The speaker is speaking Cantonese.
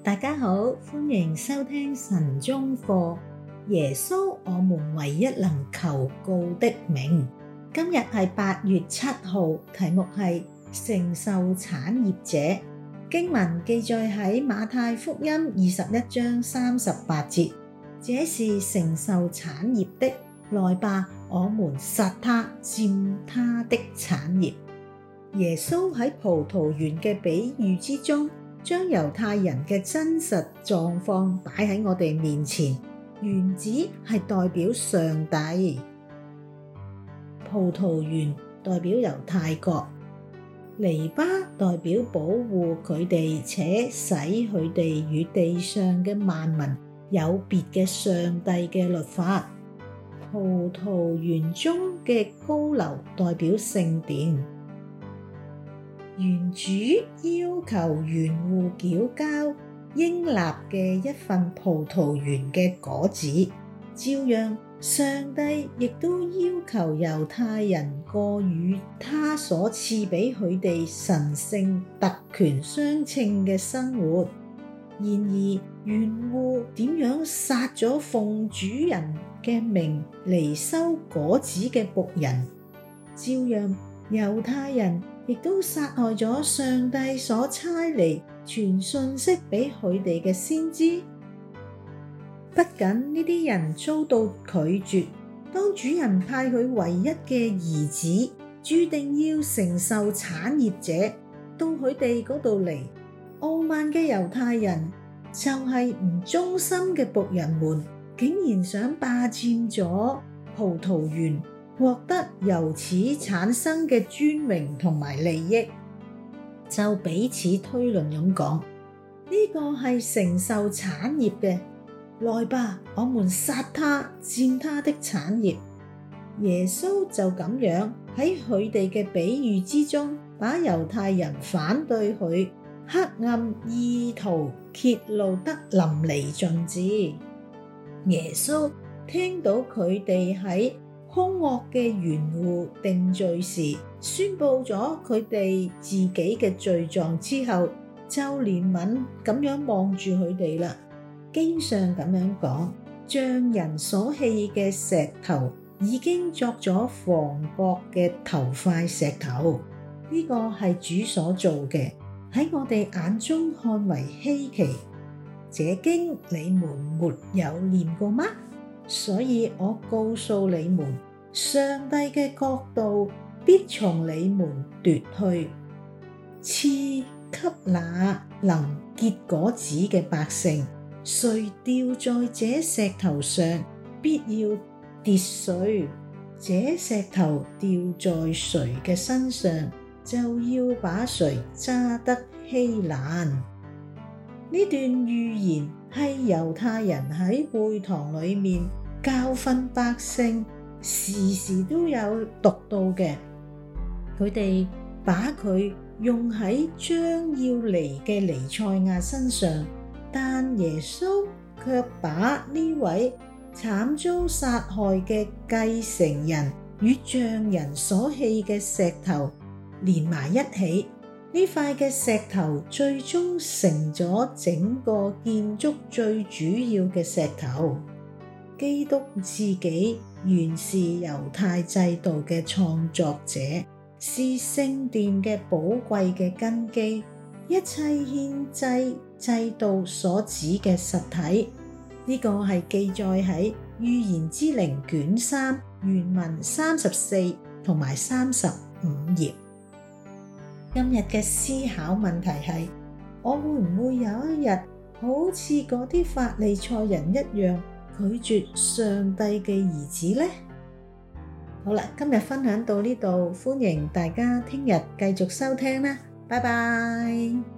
大家好，歡迎收聽神中課。耶穌，我們唯一能求告的名。今日係八月七號，題目係承受產業者。經文記載喺馬太福音二十一章三十八節，這是承受產業的，來吧，我們殺他，占他的產業。耶穌喺葡萄園嘅比喻之中。將猶太人嘅真實狀況擺喺我哋面前，園主係代表上帝，葡萄園代表猶太國，籬笆代表保護佢哋且使佢哋與地上嘅萬民有別嘅上帝嘅律法，葡萄園中嘅高樓代表聖殿。園主要求園戶繳交應納嘅一份葡萄園嘅果子，照樣上帝亦都要求猶太人過與他所賜俾佢哋神聖特權相稱嘅生活。然而園戶點樣殺咗奉主人嘅命嚟收果子嘅僕人，照樣猶太人，亦都殺害咗上帝所差嚟傳信息俾佢哋嘅先知。不僅呢啲人遭到拒絕，當主人派佢唯一嘅兒子注定要承受產業者到佢哋嗰度嚟，傲慢嘅猶太人就係唔忠心嘅僕人們，竟然想霸占咗葡萄園。獲得由此產生嘅尊榮同埋利益，就彼此推論咁講，呢、這個係承受產業嘅，來吧，我們殺他，佔他的產業。耶穌就咁樣喺佢哋嘅比喻之中，把猶太人反對佢黑暗意圖揭露得淋漓盡致。耶穌聽到佢哋喺凶惡嘅園戶定罪時，宣布咗佢哋自己嘅罪狀之後，就連敏咁樣望住佢哋啦。經上咁樣講：匠人所棄嘅石頭，已經作咗房角嘅頭塊石頭。呢、這個係主所做嘅，喺我哋眼中看為稀奇。這經你們沒有念過嗎？所以我告訴你們，上帝嘅國度必從你們奪去，賜給那能結果子嘅百姓。誰掉在這石頭上，必要跌碎；這石頭掉在誰嘅身上，就要把誰砸得稀爛。呢段預言係猶太人喺會堂裏面教訓百姓時時都有讀到嘅，佢哋他們 把佢用喺將要嚟嘅彌賽亞身上，但耶穌卻把呢位慘遭殺害嘅繼承人與匠人所棄嘅石頭連埋一起。呢塊嘅石頭最終成咗整個建築最主要嘅石頭。基督自己原是猶太制度嘅創作者，是聖殿嘅寶貴嘅根基，一切獻祭制度所指嘅實體。呢個係記載喺預言之靈卷三原文三十四同埋三十五頁。今日的思考問題是，我會不會有一天，好像那些法利賽人一樣，拒絕上帝的兒子呢？好了，今日分享到這裏，歡迎大家聽日繼續收聽啦，拜拜！